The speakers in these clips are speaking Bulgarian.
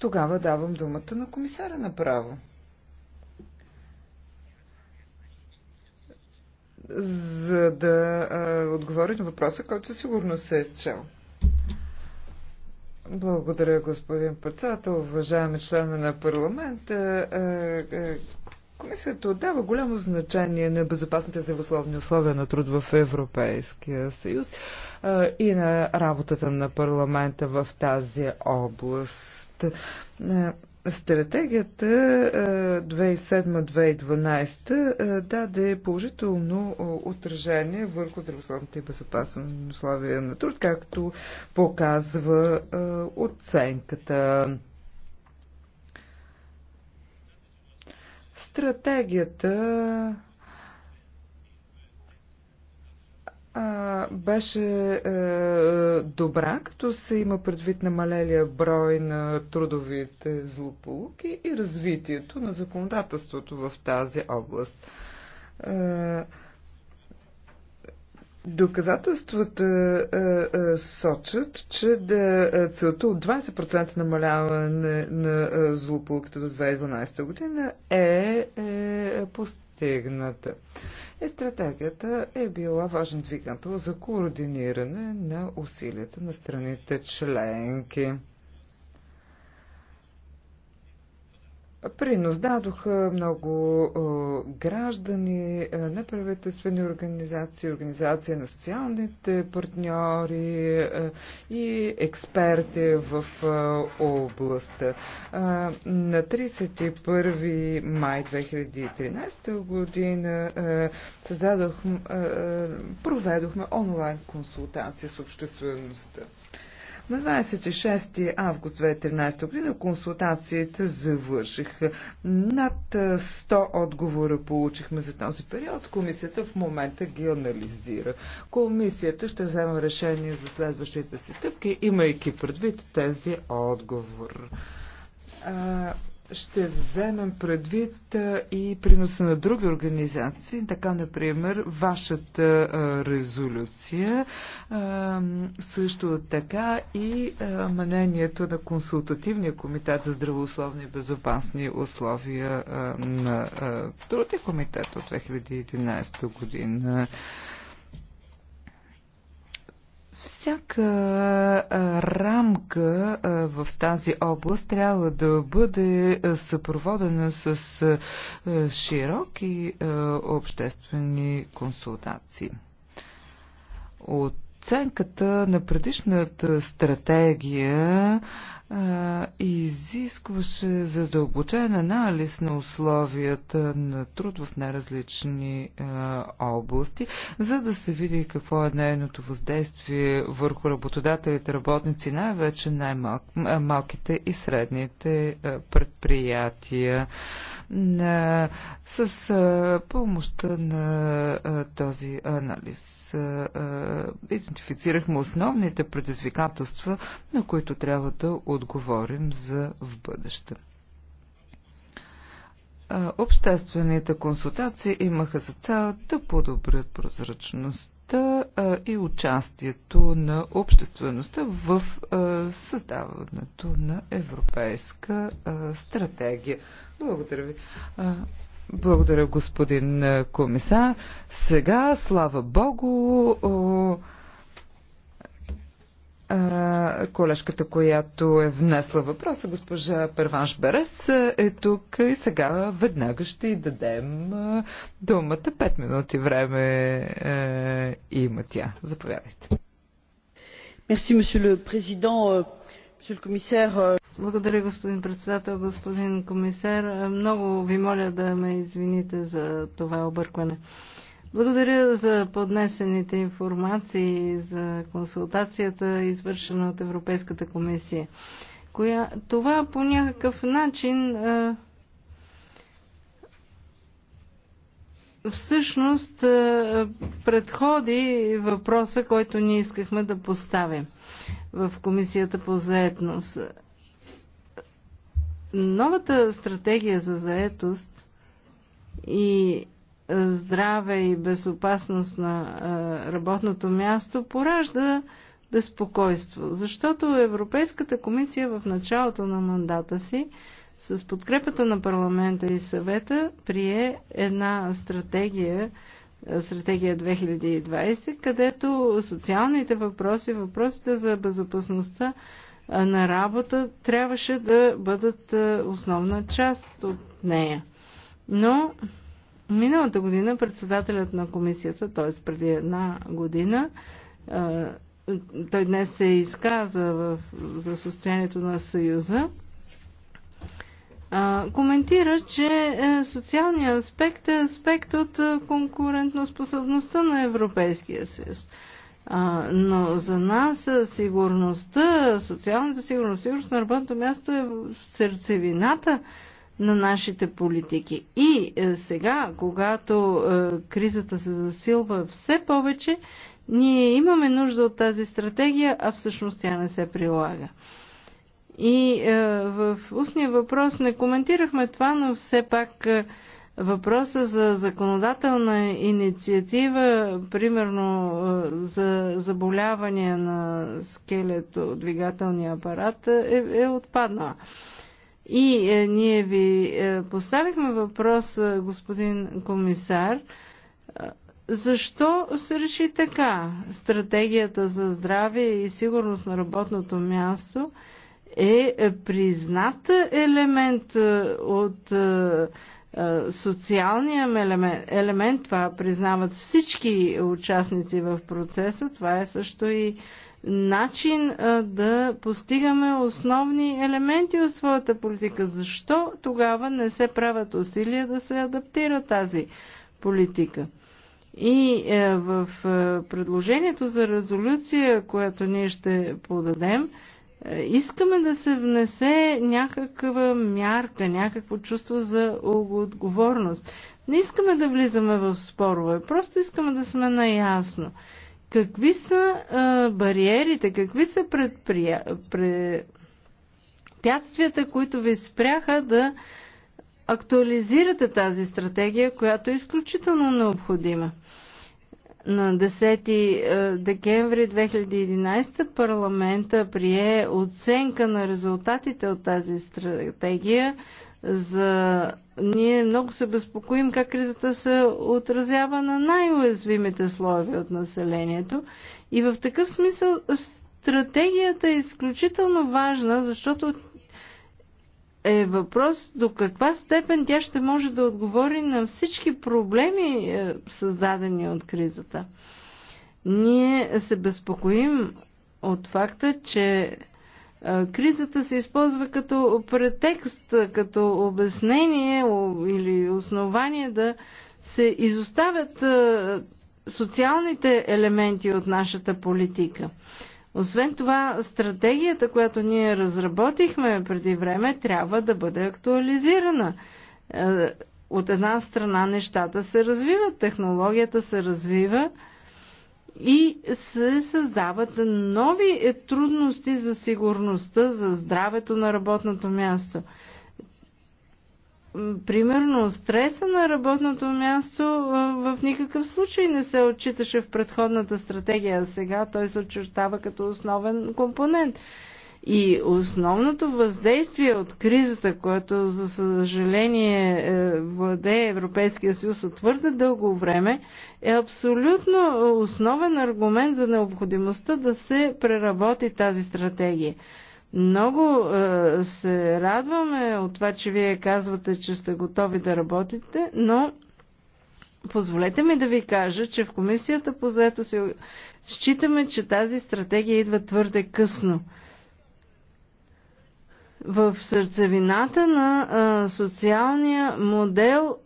Тогава давам думата на комисаря направо. За да а, отговори на въпроса, който сигурно се е чел. Благодаря, господин председател, уважаеми члена на парламента. Комисията отдава голямо значение на безопасните здравословни условия на труд в Европейския съюз и на работата на парламента в тази област. Е, стратегията 2007-2012 е, е, даде положително отражение върху здравословните и безопасни условия на труд, както показва оценката. Стратегията а, беше е, добра, като се има предвид намалелия брой на трудовите злополуки и развитието на законодателството в тази област. Е, Доказателствата е, е, сочат, че да, е, целта от 20% намаляване на е, злополуката до 2012 година е, е постигната. Е, е стратегията е била важен двигател за координиране на усилията на страните членки. Принос дадоха много граждани, неправителствени организации, организации на социалните партньори и експерти в областта. На 31 май 2013 година създадох, проведохме онлайн консултация с обществеността. На 26 август 2013 година консултациите завършиха. Над 100 отговора получихме за този период. Комисията в момента ги анализира. Комисията ще взема решение за следващите си стъпки, имайки предвид тези отговор ще вземем предвид и приноса на други организации, така например вашата резолюция, също така и мнението на Консултативния комитет за здравословни и безопасни условия на трудния комитет от 2011 година. Всяка рамка в тази област трябва да бъде съпроводена с широки обществени консултации. От оценката на предишната стратегия а, изискваше задълбочен анализ на условията на труд в най-различни области, за да се види какво е нейното въздействие върху работодателите, работници, най-вече най-малките -мал, и средните а, предприятия на, с а, помощта на а, този анализ. А, а, идентифицирахме основните предизвикателства, на които трябва да отговорим за в бъдеще. Обществените консултации имаха за цел да подобрят прозрачността и участието на обществеността в създаването на европейска стратегия. Благодаря ви. Благодаря, господин комисар. Сега, слава Богу, а, колежката, която е внесла въпроса, госпожа Перванш Берес, е тук и сега веднага ще й дадем думата. Пет минути време е, има тя. Заповядайте. Мерси, президент, комисар. Благодаря, господин председател, господин комисар. Много ви моля да ме извините за това объркване. Благодаря за поднесените информации, за консултацията, извършена от Европейската комисия. Коя... Това по някакъв начин а... всъщност а... предходи въпроса, който ние искахме да поставим в Комисията по заедност. Новата стратегия за заетост и здраве и безопасност на работното място поражда безпокойство, защото Европейската комисия в началото на мандата си с подкрепата на парламента и съвета прие една стратегия, стратегия 2020, където социалните въпроси, въпросите за безопасността на работа трябваше да бъдат основна част от нея. Но Миналата година председателят на комисията, т.е. преди една година, той днес се изказа в, за състоянието на Съюза, коментира, че е, социалният аспект е аспект от е, конкурентноспособността на Европейския съюз. Но за нас е, сигурността, социалната сигурност, сигурност на работното място е в сърцевината на нашите политики. И е, сега, когато е, кризата се засилва все повече, ние имаме нужда от тази стратегия, а всъщност тя не се прилага. И е, в устния въпрос не коментирахме това, но все пак е, въпроса за законодателна инициатива, примерно е, за заболяване на скелето, двигателния апарат, е, е отпаднала. И е, ние ви е, поставихме въпрос, е, господин комисар, е, защо се реши така? Стратегията за здраве и сигурност на работното място е, е признат елемент от социалния елемент, елемент. Това признават всички участници в процеса. Това е също и начин да постигаме основни елементи от своята политика. Защо тогава не се правят усилия да се адаптира тази политика? И е, в е, предложението за резолюция, което ние ще подадем, е, искаме да се внесе някаква мярка, някакво чувство за отговорност. Не искаме да влизаме в спорове, просто искаме да сме наясно. Какви са а, бариерите, какви са предприя... препятствията, които ви спряха да актуализирате тази стратегия, която е изключително необходима? на 10 декември 2011 парламента прие оценка на резултатите от тази стратегия за... Ние много се безпокоим как кризата се отразява на най-уязвимите слоеве от населението. И в такъв смисъл стратегията е изключително важна, защото е въпрос до каква степен тя ще може да отговори на всички проблеми, е, създадени от кризата. Ние се безпокоим от факта, че Кризата се използва като претекст, като обяснение или основание да се изоставят социалните елементи от нашата политика. Освен това, стратегията, която ние разработихме преди време, трябва да бъде актуализирана. От една страна нещата се развиват, технологията се развива, и се създават нови трудности за сигурността, за здравето на работното място. Примерно, стреса на работното място в никакъв случай не се отчиташе в предходната стратегия, а сега той се очертава като основен компонент. И основното въздействие от кризата, което за съжаление е, владее Европейския съюз от твърде дълго време, е абсолютно основен аргумент за необходимостта да се преработи тази стратегия. Много е, се радваме от това, че вие казвате, че сте готови да работите, но Позволете ми да ви кажа, че в комисията по заето се считаме, че тази стратегия идва твърде късно в сърцевината на а, социалния модел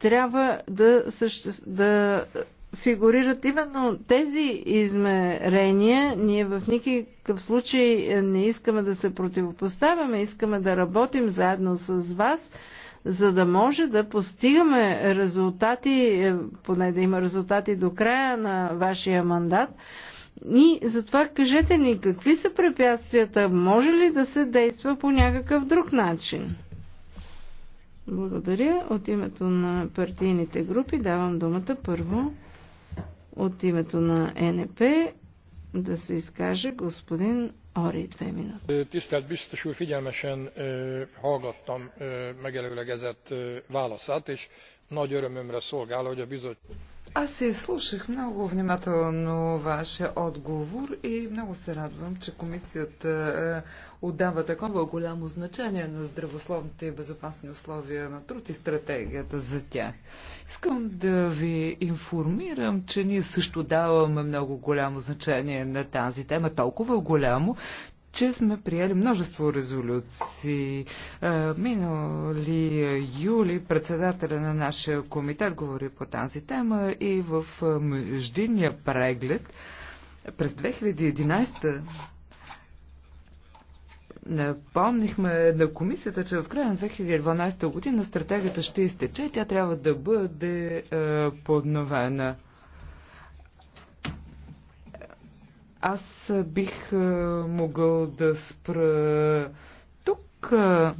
трябва да, съще... да фигурират именно тези измерения. Ние в никакъв случай не искаме да се противопоставяме, искаме да работим заедно с вас, за да може да постигаме резултати, е, поне да има резултати до края на вашия мандат и затова кажете ни какви са препятствията, може ли да се действа по някакъв друг начин? Благодаря. От името на партийните групи давам думата първо от името на НП да се изкаже господин Ори, две минути. Tisztelt biztos úr, фигелмешен хагаттам megelőlegezett валасат е, и nagy örömömre szolgál, hogy аз се слушах много внимателно вашия отговор и много се радвам, че комисията е, отдава такова голямо значение на здравословните и безопасни условия на труд и стратегията за тях. Искам да ви информирам, че ние също даваме много голямо значение на тази тема, толкова голямо, че сме приели множество резолюции. Е, минали юли председателя на нашия комитет говори по тази тема и в е, междинния преглед през 2011 Напомнихме на комисията, че в края на 2012 година стратегията ще изтече и тя трябва да бъде е, подновена. Аз бих е, могъл да спра тук, е,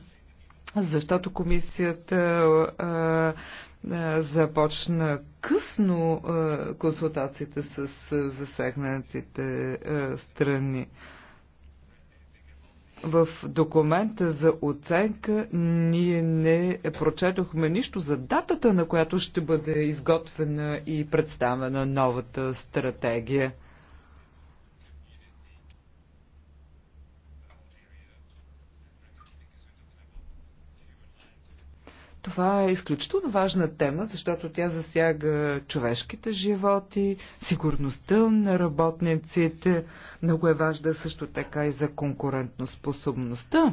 защото комисията е, започна късно консултациите с засегнатите страни. В документа за оценка ние не прочетохме нищо за датата, на която ще бъде изготвена и представена новата стратегия. Това е изключително важна тема, защото тя засяга човешките животи, сигурността на работниците. Много е важна също така и за конкурентноспособността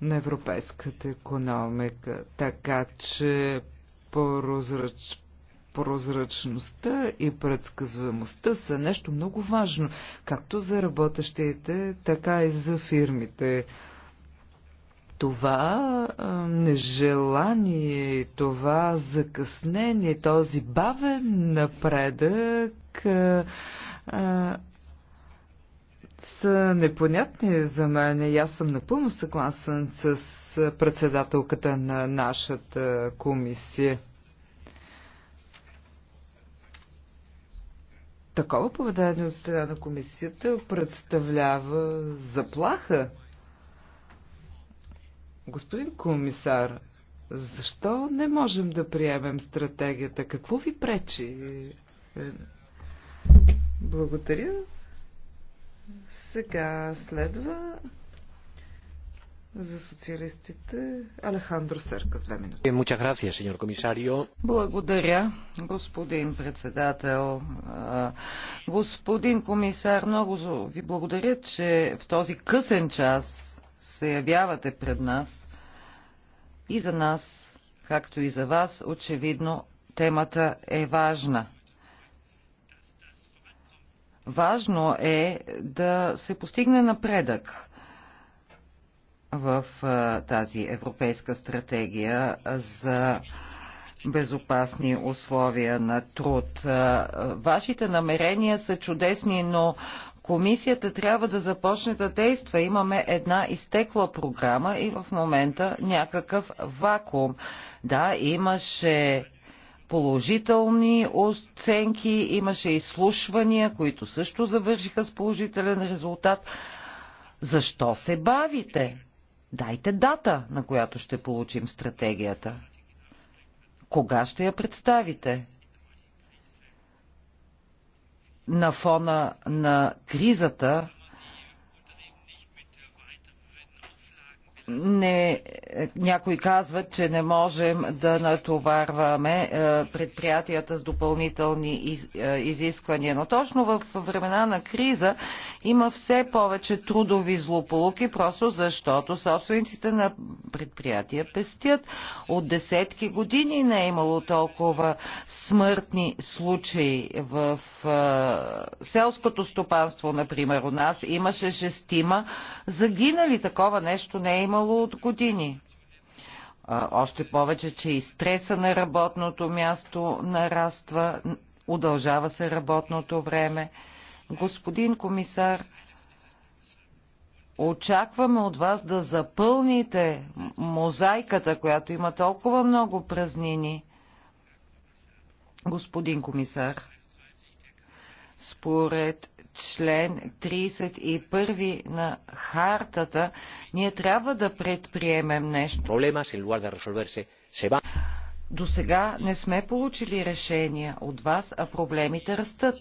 на европейската економика. Така че прозрач, прозрачността и предсказуемостта са нещо много важно, както за работещите, така и за фирмите това нежелание, това закъснение, този бавен напредък а, са непонятни за мен. И аз съм напълно съгласен с председателката на нашата комисия. Такова поведение от страна на комисията представлява заплаха Господин комисар, защо не можем да приемем стратегията? Какво ви пречи? Е, благодаря. Сега следва за социалистите Алехандро с две минути. Е, благодаря, господин председател. Господин комисар, много ви благодаря, че в този късен час се явявате пред нас. И за нас, както и за вас, очевидно темата е важна. Важно е да се постигне напредък в тази европейска стратегия за безопасни условия на труд. Вашите намерения са чудесни, но Комисията трябва да започне да действа. Имаме една изтекла програма и в момента някакъв вакуум. Да, имаше положителни оценки, имаше изслушвания, които също завършиха с положителен резултат. Защо се бавите? Дайте дата, на която ще получим стратегията. Кога ще я представите? на фона на кризата не, някои казват, че не можем да натоварваме е, предприятията с допълнителни е, изисквания. Но точно в времена на криза има все повече трудови злополуки, просто защото собствениците на предприятия пестят. От десетки години не е имало толкова смъртни случаи в е, селското стопанство, например, у нас имаше шестима загинали. Такова нещо не е имало имало от години. Още повече, че и стреса на работното място нараства, удължава се работното време. Господин комисар, очакваме от вас да запълните мозайката, която има толкова много празнини. Господин комисар, според член 31 на хартата, ние трябва да предприемем нещо. До сега не сме получили решения от вас, а проблемите растат.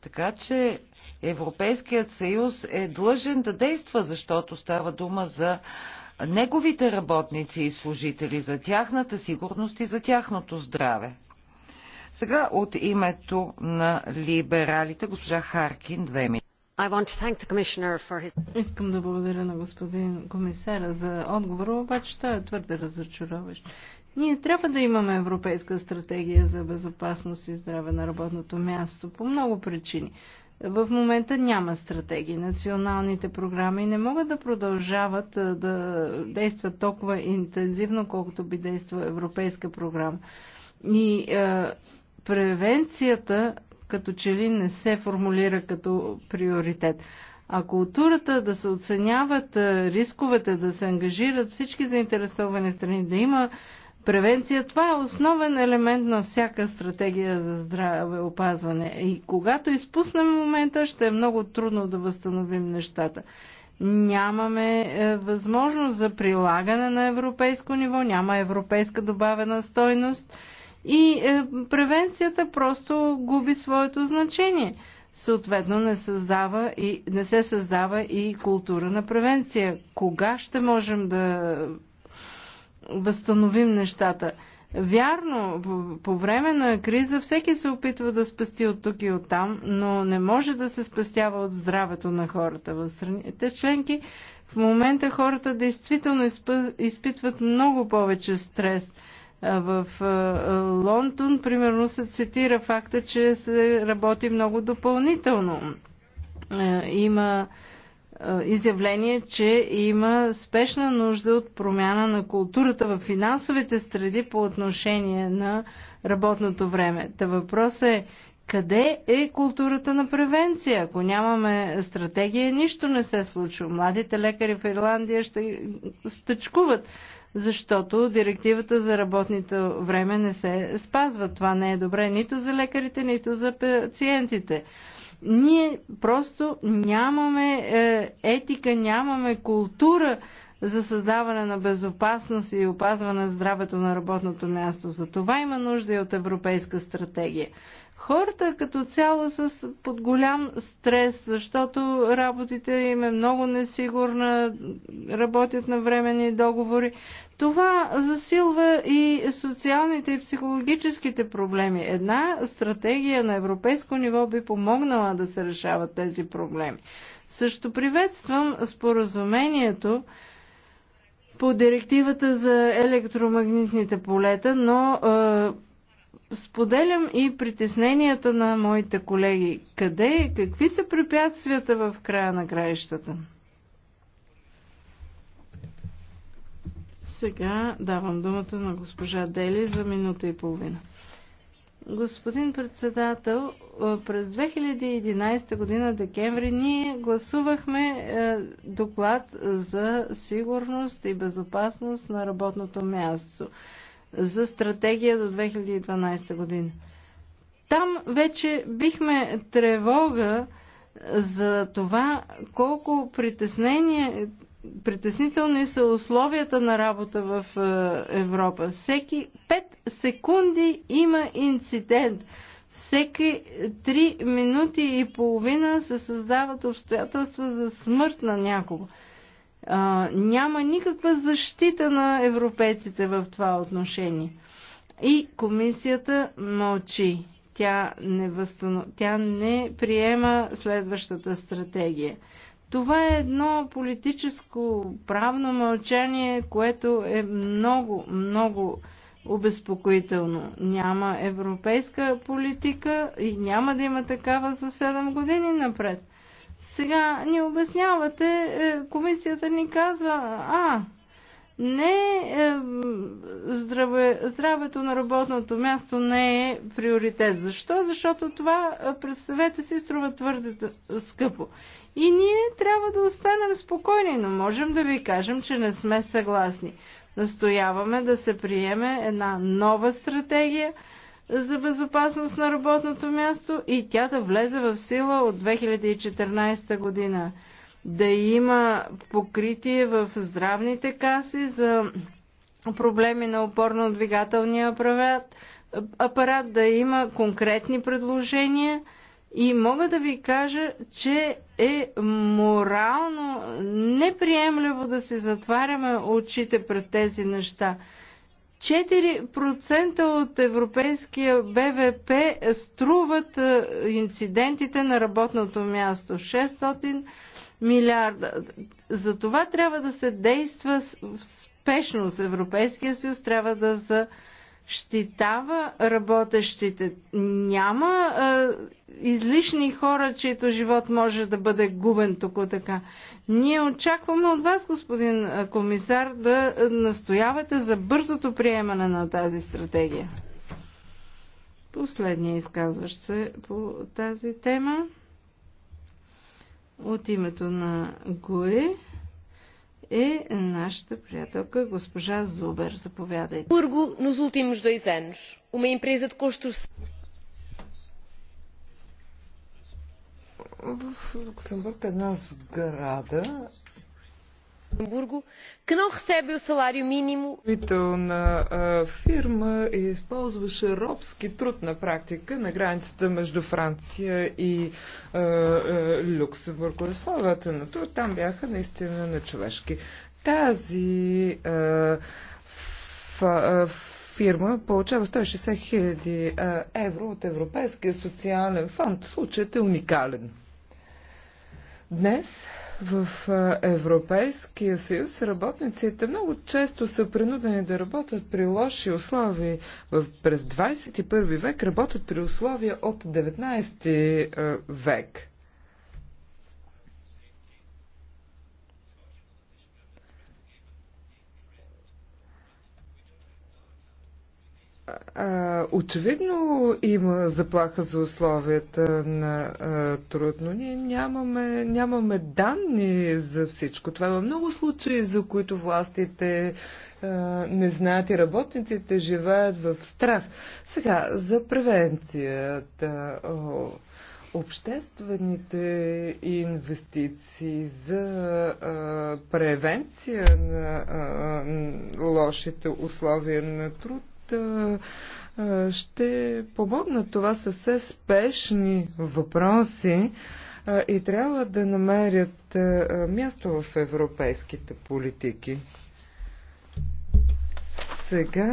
Така че Европейският съюз е длъжен да действа, защото става дума за неговите работници и служители, за тяхната сигурност и за тяхното здраве. Сега от името на либералите, госпожа Харкин, две минути. His... Искам да благодаря на господин комисара за отговора, обаче той е твърде разочароващ. Ние трябва да имаме европейска стратегия за безопасност и здраве на работното място по много причини. В момента няма стратегии. Националните програми не могат да продължават да действат толкова интензивно, колкото би действала европейска програма. И е, превенцията като че ли не се формулира като приоритет. А културата да се оценяват рисковете, да се ангажират всички заинтересовани страни, да има превенция, това е основен елемент на всяка стратегия за здраве опазване. И когато изпуснем момента, ще е много трудно да възстановим нещата. Нямаме е, възможност за прилагане на европейско ниво, няма европейска добавена стойност – и е, превенцията просто губи своето значение. Съответно не, създава и, не се създава и култура на превенция. Кога ще можем да възстановим нещата? Вярно, по, по време на криза всеки се опитва да спасти от тук и от там, но не може да се спастява от здравето на хората. В страните членки в момента хората действително изпъ... изпитват много повече стрес – в Лондон, примерно, се цитира факта, че се работи много допълнително. Има изявление, че има спешна нужда от промяна на културата в финансовите среди по отношение на работното време. Та въпрос е къде е културата на превенция? Ако нямаме стратегия, нищо не се случва. Младите лекари в Ирландия ще стъчкуват защото директивата за работното време не се спазва. Това не е добре нито за лекарите, нито за пациентите. Ние просто нямаме е, етика, нямаме култура за създаване на безопасност и опазване на здравето на работното място. За това има нужда и от европейска стратегия. Хората като цяло са под голям стрес, защото работите им е много несигурна, работят на временни договори. Това засилва и социалните и психологическите проблеми. Една стратегия на европейско ниво би помогнала да се решават тези проблеми. Също приветствам споразумението, по директивата за електромагнитните полета, но е, споделям и притесненията на моите колеги. Къде, е? какви са препятствията в края на краищата? Сега давам думата на госпожа Дели за минута и половина. Господин председател, през 2011 година декември ние гласувахме е, доклад за сигурност и безопасност на работното място за стратегия до 2012 година. Там вече бихме тревога за това колко притеснение, притеснителни са условията на работа в е, Европа. Всеки 5 секунди има инцидент. Всеки 3 минути и половина се създават обстоятелства за смърт на някого. А, няма никаква защита на европейците в това отношение. И комисията мълчи. Тя не, възстанов... Тя не приема следващата стратегия. Това е едно политическо правно мълчание, което е много, много обезпокоително. Няма европейска политика и няма да има такава за 7 години напред. Сега ни обяснявате, е, комисията ни казва, а, не е, здраве, здравето на работното място не е приоритет. Защо? Защото това, е, представете си, струва твърде скъпо. И ние трябва да останем спокойни, но можем да ви кажем, че не сме съгласни. Настояваме да се приеме една нова стратегия, за безопасност на работното място и тя да влезе в сила от 2014 година. Да има покритие в здравните каси за проблеми на опорно-двигателния апарат, апарат, да има конкретни предложения и мога да ви кажа, че е морално неприемливо да си затваряме очите пред тези неща. 4% от европейския БВП струват е, инцидентите на работното място. 600 милиарда. За това трябва да се действа спешно. С Европейския съюз трябва да за щитава работещите. Няма а, излишни хора, чието живот може да бъде губен тук така. Ние очакваме от вас, господин комисар, да настоявате за бързото приемане на тази стратегия. Последния изказващ се по тази тема от името на ГУЕ е нашата приятелка госпожа Зубер. Заповядайте. Бурго, nos últimos dois anos, uma empresa de construção. В Луксембург една сграда Бурго, que não recebe o salário mínimo. фирма използваше робски труд на практика на границата между Франция и Люксембург. Условията на труд там бяха наистина на човешки. Тази фирма получава 160 хиляди евро от Европейския социален фонд. Случаят е уникален. Днес в Европейския съюз работниците много често са принудени да работят при лоши условия. В, през 21 век работят при условия от 19 век. очевидно има заплаха за условията на труд, но ние нямаме, нямаме данни за всичко. Това има много случаи, за които властите не знаят и работниците живеят в страх. Сега, за превенцията обществените инвестиции за а, превенция на а, лошите условия на труд ще помогнат. Това са все спешни въпроси и трябва да намерят място в европейските политики. Сега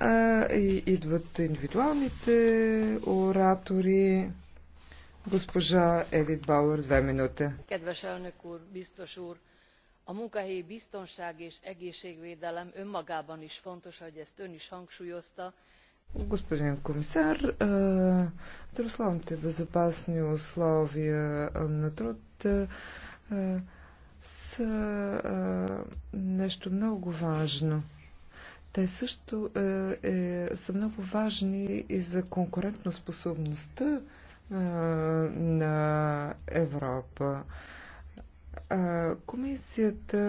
а, и, идват индивидуалните оратори. Госпожа Елит Бауър, две минути. Кедвес елнök a munkahelyi biztonság és egészségvédelem önmagában is fontos ahogy ezt ön is hangsúlyozta Господин комисар, здравословните е, безопасни условия е, на труд е, са нещо много важно. Те също са много важни и за конкурентоспособността на Европа. Комисията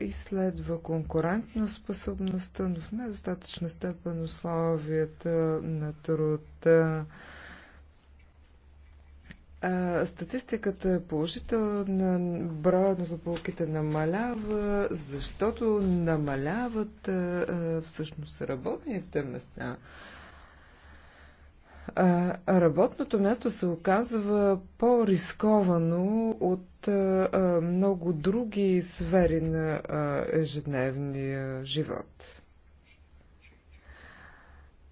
изследва конкурентно способността, но в недостатъчна степен условията на труда. Статистиката е положителна, броя на злополуките намалява, защото намаляват всъщност работните места работното място се оказва по-рисковано от много други сфери на ежедневния живот.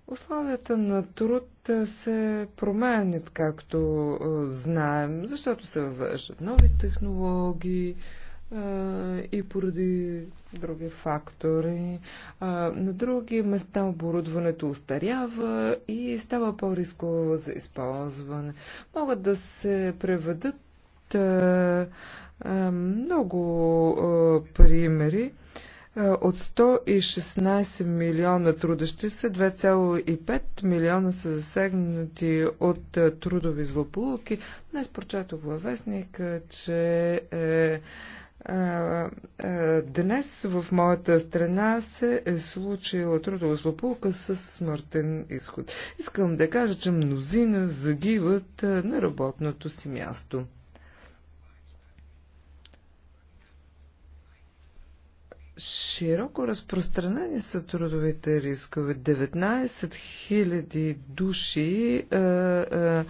Условията на труд се променят, както знаем, защото се въвеждат нови технологии, и поради други фактори. На други места оборудването устарява и става по-рисково за използване. Могат да се преведат много примери. От 116 милиона трудещи се, 2,5 милиона са засегнати от трудови злополуки. Днес прочетох във вестник, че е, Днес в моята страна се е случила трудова злополука с смъртен изход. Искам да кажа, че мнозина загиват на работното си място. Широко разпространени са трудовите рискове. 19 000 души е, е,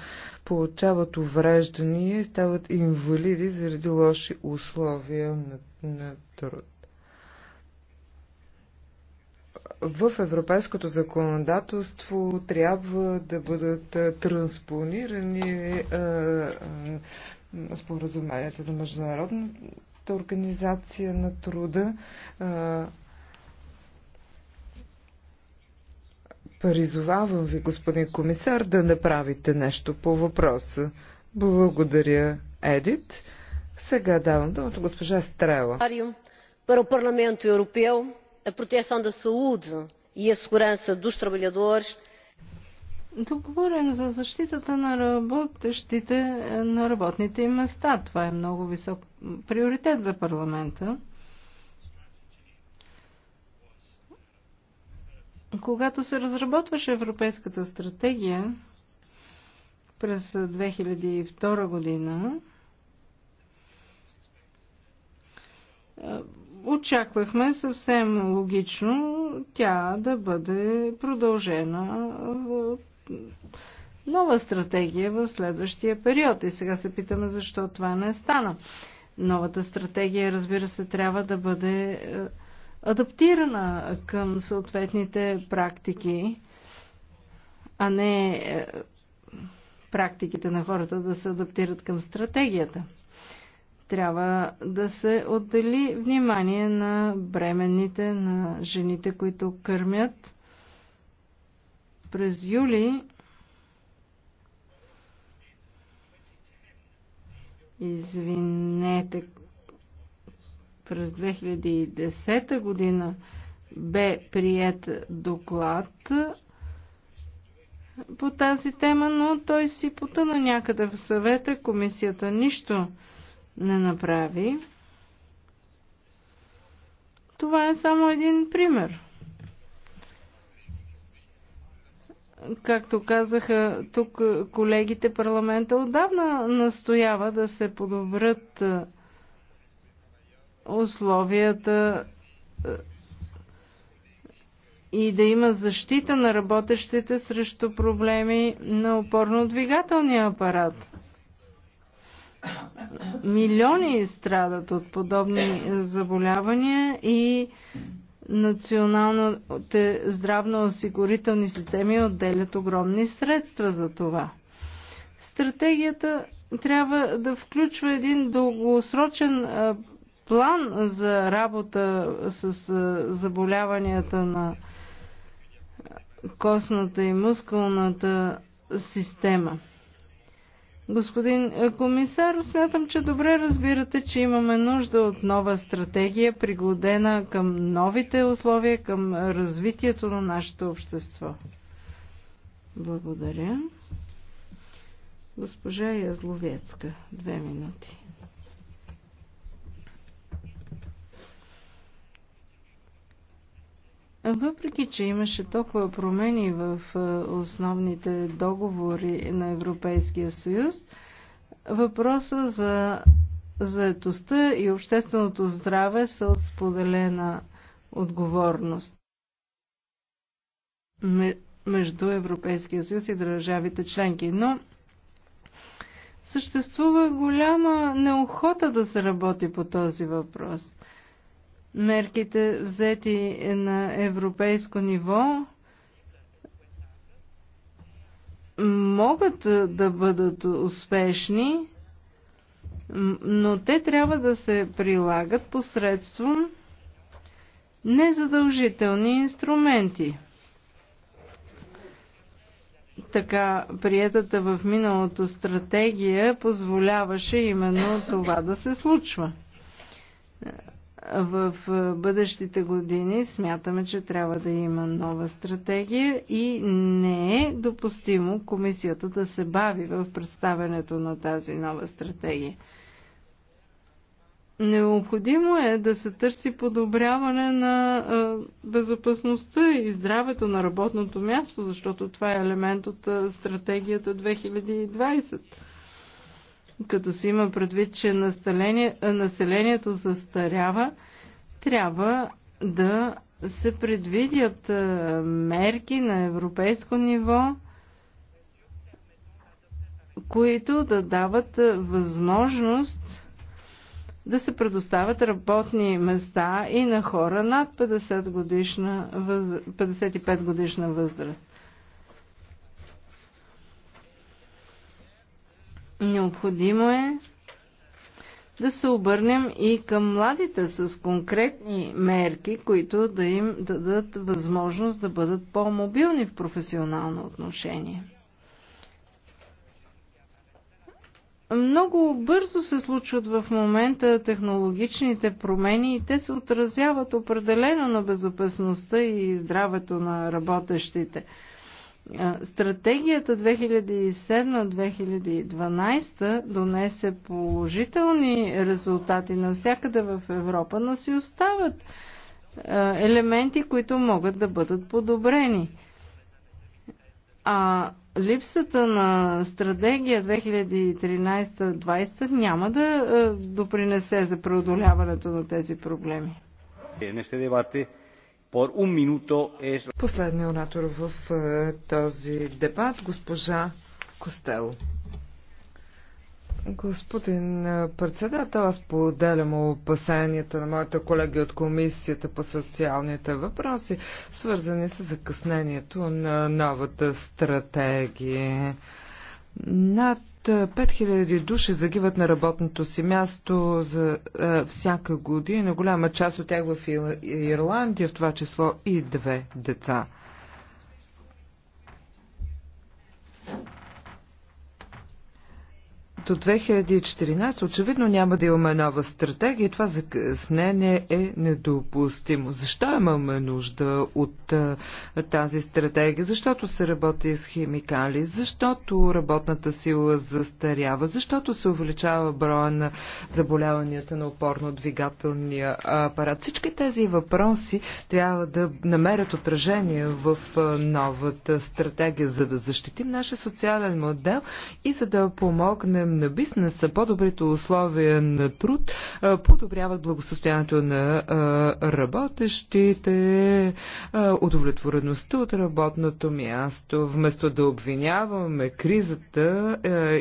получават увреждания и стават инвалиди заради лоши условия на, на труд. В европейското законодателство трябва да бъдат е, транспонирани е, е, споразуменията на международната Световната организация на труда, а, Призовавам ви, господин комисар, да направите нещо по въпроса. Благодаря, Едит. Сега давам думата госпожа Стрела. Para o Parlamento Europeu, a proteção da saúde e a segurança dos trabalhadores тук говорим за защитата на работещите е, на работните им места. Това е много висок приоритет за парламента. Когато се разработваше Европейската стратегия през 2002 година, е, очаквахме съвсем логично тя да бъде продължена в нова стратегия в следващия период. И сега се питаме защо това не е стана. Новата стратегия, разбира се, трябва да бъде е, адаптирана към съответните практики, а не е, практиките на хората да се адаптират към стратегията. Трябва да се отдели внимание на бременните, на жените, които кърмят – през юли извинете, през 2010 година бе прият доклад по тази тема, но той си потъна някъде в съвета. Комисията нищо не направи. Това е само един пример. Както казаха тук колегите, парламента отдавна настоява да се подобрят е, условията е, и да има защита на работещите срещу проблеми на опорно-двигателния апарат. Милиони страдат от подобни заболявания и националните здравноосигурителни системи отделят огромни средства за това. Стратегията трябва да включва един дългосрочен план за работа с заболяванията на костната и мускулната система. Господин е, комисар, смятам, че добре разбирате, че имаме нужда от нова стратегия, пригодена към новите условия, към развитието на нашето общество. Благодаря. Госпожа Язловецка, две минути. Въпреки, че имаше толкова промени в основните договори на Европейския съюз, въпроса за заетостта и общественото здраве са от споделена отговорност между Европейския съюз и държавите членки. Но съществува голяма неохота да се работи по този въпрос – мерките взети на европейско ниво могат да бъдат успешни, но те трябва да се прилагат посредством незадължителни инструменти. Така, приятата в миналото стратегия позволяваше именно това да се случва в бъдещите години смятаме, че трябва да има нова стратегия и не е допустимо комисията да се бави в представянето на тази нова стратегия. Необходимо е да се търси подобряване на безопасността и здравето на работното място, защото това е елемент от стратегията 2020 като се има предвид, че населението застарява, трябва да се предвидят мерки на европейско ниво, които да дават възможност да се предоставят работни места и на хора над 50 годишна, 55 годишна възраст. Необходимо е да се обърнем и към младите с конкретни мерки, които да им дадат възможност да бъдат по-мобилни в професионално отношение. Много бързо се случват в момента технологичните промени и те се отразяват определено на безопасността и здравето на работещите. Стратегията 2007-2012 донесе положителни резултати навсякъде в Европа, но си остават елементи, които могат да бъдат подобрени. А липсата на стратегия 2013-2020 няма да допринесе за преодоляването на тези проблеми. Е, Последният оратор в е, този дебат, госпожа Костел. Господин е, председател, аз поделям опасенията на моите колеги от Комисията по социалните въпроси, свързани с закъснението на новата стратегия. Над 5000 е, души загиват на работното си място за а, е, всяка година, голяма част от тях в Ирландия, в това число и две деца. до 2014 очевидно няма да имаме нова стратегия и това закъснение е недопустимо. Защо имаме нужда от а, тази стратегия? Защото се работи с химикали, защото работната сила застарява, защото се увеличава броя на заболяванията на опорно-двигателния апарат. Всички тези въпроси трябва да намерят отражение в новата стратегия, за да защитим нашия социален модел и за да помогнем на бизнеса, по-добрите условия на труд подобряват благосостоянието на работещите, удовлетвореността от работното място. Вместо да обвиняваме кризата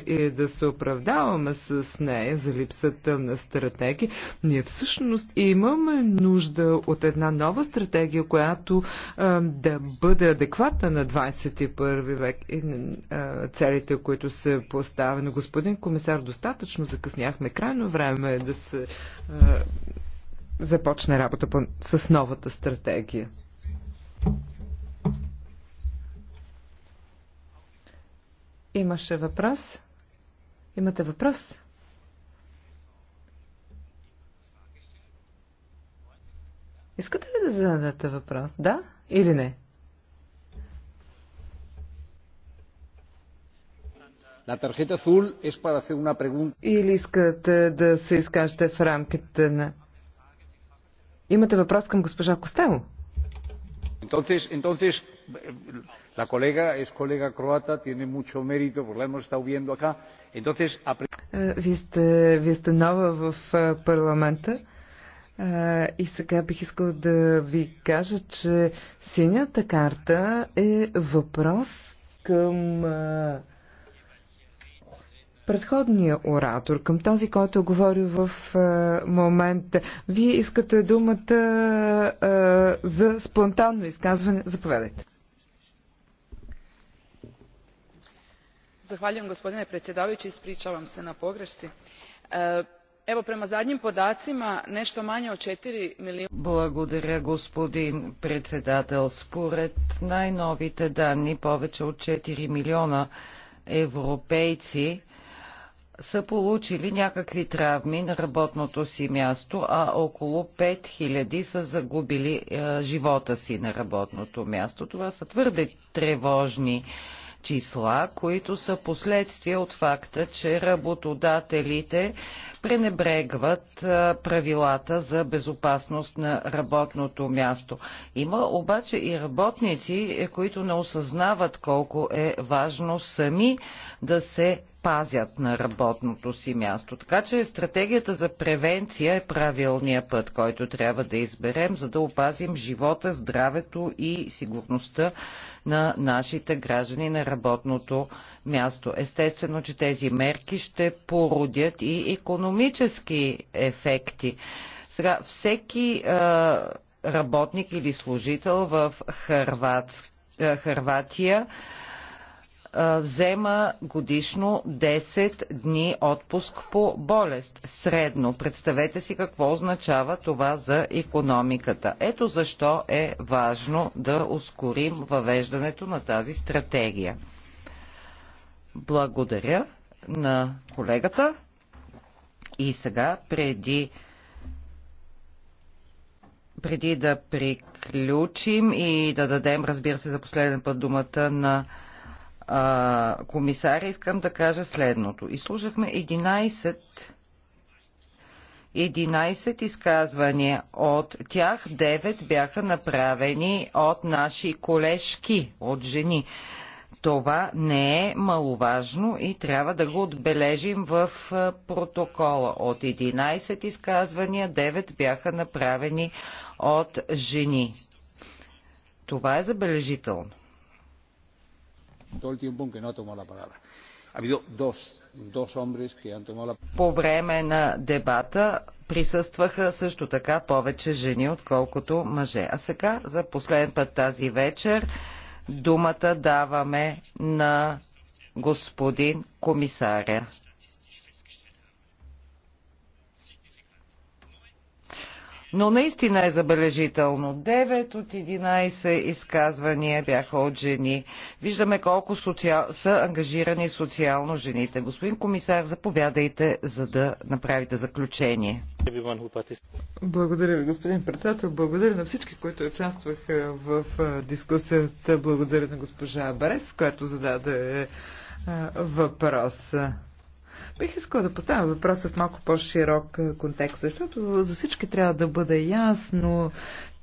и да се оправдаваме с нея за липсата на стратегия, ние всъщност имаме нужда от една нова стратегия, която да бъде адекватна на 21 век и целите, които се на Господин комисар, достатъчно закъсняхме. Крайно време е да се а, е, започне работа по, с новата стратегия. Имаше въпрос? Имате въпрос? Искате ли да зададете въпрос? Да или не? La tarjeta azul es para hacer una pregunta. Или искате да се изкажете в рамките на... Имате въпрос към госпожа Костело? Entonces, entonces, la colega es colega croata, tiene mucho mérito, porque la hemos estado viendo acá. Entonces, е, вие сте, вие сте нова в е, парламента е, и сега бих искал да ви кажа, че синята карта е въпрос към предходния оратор, към този, който е говори в е, момента. Вие искате думата е, за спонтанно изказване. Заповядайте. Zahvaljujem gospodine predsjedavajući, ispričavam se na pogrešci. E, evo prema zadnjim podacima nešto manje od 4 milijuna... Благодаря господин председател. Според най-новите данни повече от 4 милиона европейци са получили някакви травми на работното си място, а около 5000 са загубили е, живота си на работното място. Това са твърде тревожни числа, които са последствия от факта, че работодателите пренебрегват е, правилата за безопасност на работното място. Има обаче и работници, е, които не осъзнават колко е важно сами да се пазят на работното си място. Така че стратегията за превенция е правилният път, който трябва да изберем, за да опазим живота, здравето и сигурността на нашите граждани на работното място. Естествено, че тези мерки ще породят и економически ефекти. Сега, всеки а, работник или служител в Хърватия. е, Харватия взема годишно 10 дни отпуск по болест. Средно. Представете си какво означава това за економиката. Ето защо е важно да ускорим въвеждането на тази стратегия. Благодаря на колегата. И сега, преди, преди да приключим и да дадем, разбира се, за последен път думата на а, комисаря, искам да кажа следното. Изслушахме 11 11 изказвания. От тях 9 бяха направени от наши колежки, от жени. Това не е маловажно и трябва да го отбележим в протокола. От 11 изказвания 9 бяха направени от жени. Това е забележително. По време на дебата присъстваха също така повече жени, отколкото мъже. А сега, за последен път тази вечер, думата даваме на господин комисаря. но наистина е забележително. 9 от 11 изказвания бяха от жени. Виждаме колко социал... са ангажирани социално жените. Господин комисар, заповядайте, за да направите заключение. Благодаря ви, господин председател. Благодаря на всички, които участваха в дискусията. Благодаря на госпожа Барес, която зададе въпроса. Бих искала да поставя въпроса в малко по-широк контекст, защото за всички трябва да бъде ясно,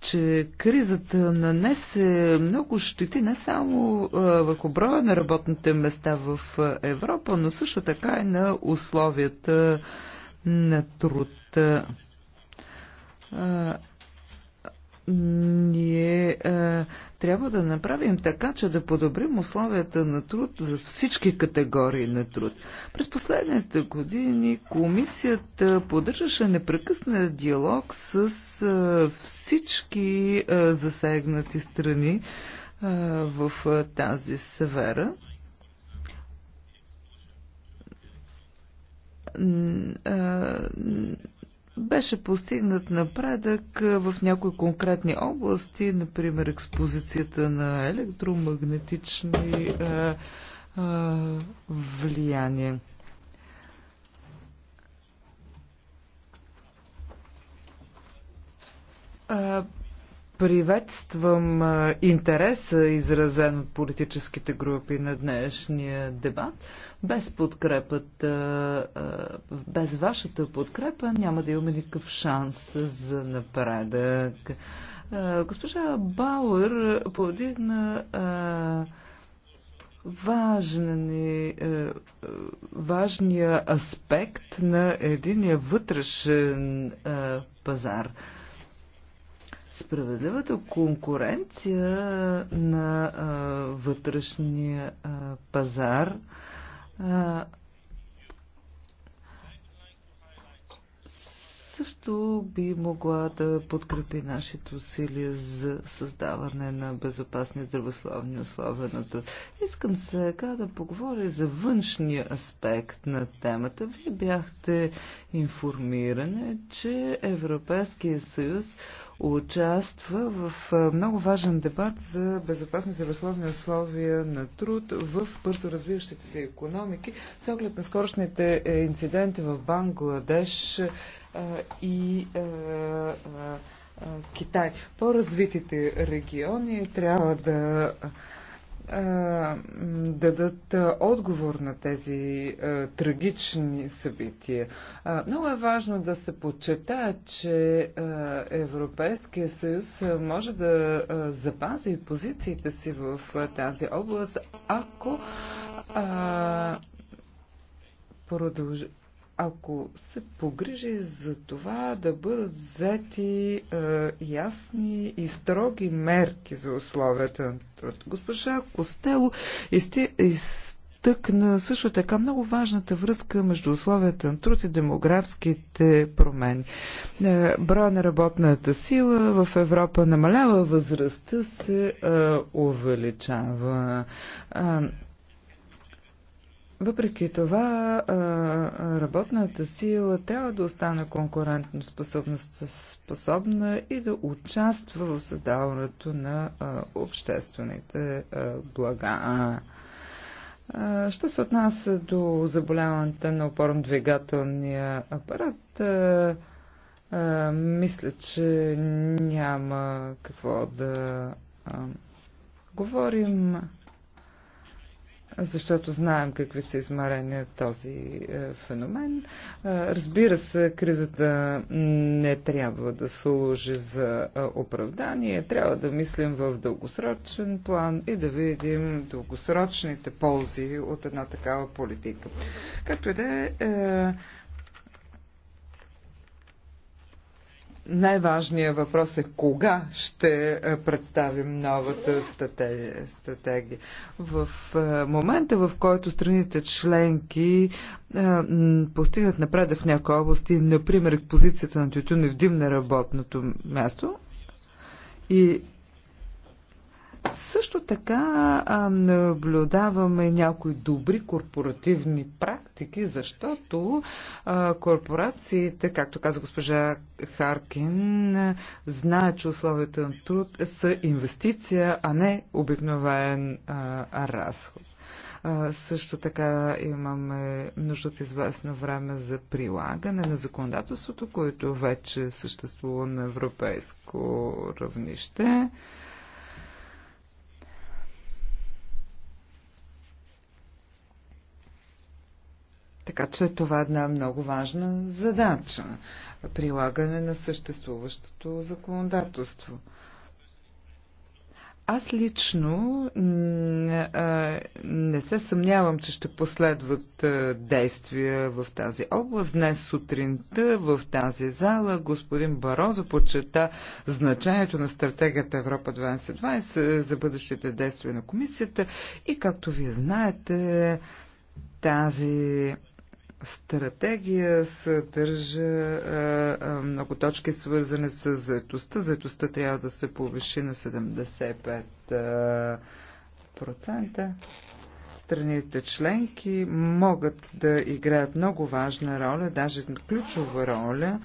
че кризата нанесе много щети не само върху броя на работните места в Европа, но също така и на условията на труд трябва да направим така, че да подобрим условията на труд за всички категории на труд. През последните години комисията поддържаше непрекъснат диалог с всички засегнати страни в тази сфера. Беше постигнат напредък в някои конкретни области, например експозицията на електромагнетични а, а, влияния. А, Приветствам интереса, изразен от политическите групи на днешния дебат. Без подкрепата, без вашата подкрепа няма да имаме никакъв шанс за напредък. Госпожа Бауер повдигна важен важния аспект на единия вътрешен пазар справедливата конкуренция на вътрешния пазар което би могла да подкрепи нашите усилия за създаване на безопасни здравословни условия на труд. Искам сега да поговоря за външния аспект на темата. Вие бяхте информирани, че Европейския съюз участва в много важен дебат за безопасни здравословни условия на труд в бързо развиващите се економики с оглед на скорошните е, инциденти в Бангладеш и Китай. По-развитите региони трябва да дадат отговор на тези трагични събития. Много е важно да се подчета, че Европейския съюз може да запази позициите си в тази област, ако продължи ако се погрижи за това да бъдат взети е, ясни и строги мерки за условията на труд. Госпожа Костело изтъкна също така много важната връзка между условията на труд и демографските промени. Е, броя на работната сила в Европа намалява, възрастта се е, увеличава. Е, въпреки това, работната сила трябва да остане конкурентно способна и да участва в създаването на обществените блага. Що се отнася до заболяването на опорно-двигателния апарат, мисля, че няма какво да говорим защото знаем какви са измерения този е, феномен. Е, разбира се, кризата не трябва да служи за е, оправдание. Трябва да мислим в дългосрочен план и да видим дългосрочните ползи от една такава политика. Както и да е, Най-важният въпрос е кога ще е, представим новата стратегия. В е, момента, в който страните членки е, постигнат напредък в някои области, например позицията на е в дим на работното място и също така наблюдаваме някои добри корпоративни практики, защото корпорациите, както каза госпожа Харкин, знаят, че условията на труд са инвестиция, а не обикновен разход. Също така имаме нужда от известно време за прилагане на законодателството, което вече съществува на европейско равнище. Така че това е една много важна задача прилагане на съществуващото законодателство. Аз лично не се съмнявам, че ще последват действия в тази област. Днес сутринта в тази зала господин Барозо подчерта значението на стратегията Европа 2020 за бъдещите действия на комисията и както вие знаете тази стратегия съдържа много точки, свързани с заетостта. Заетостта трябва да се повиши на 75%. Страните членки могат да играят много важна роля, даже ключова роля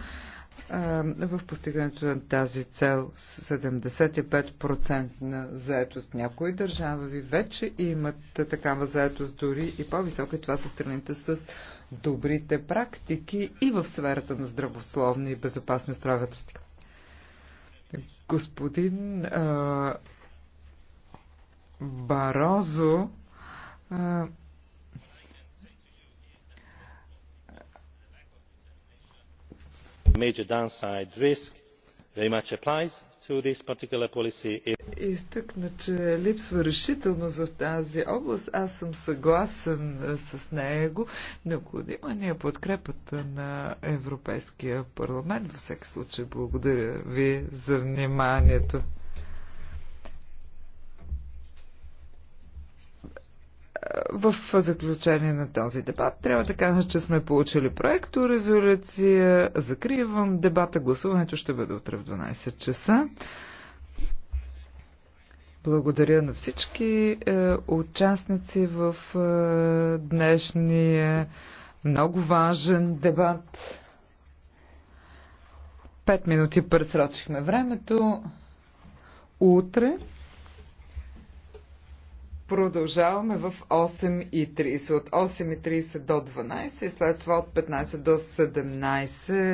в постигането на тази цел 75% на заетост. Някои държави вече имат такава заетост, дори и по-висока. Това са страните с добрите практики и в сферата на здравословни и безопасни здравето. Господин а, Барозо а, major downside risk very much applies to this particular policy изтъкна, че липсва решителност в тази област. Аз съм съгласен с него. Необходима ни е подкрепата на Европейския парламент. Във всеки случай благодаря ви за вниманието. в заключение на този дебат трябва да кажа, че сме получили проекто резолюция. Закривам дебата. Гласуването ще бъде утре в 12 часа. Благодаря на всички е, участници в е, днешния много важен дебат. Пет минути пресрочихме времето. Утре продължаваме в 8.30. От 8.30 до 12 и след това от 15 до 17.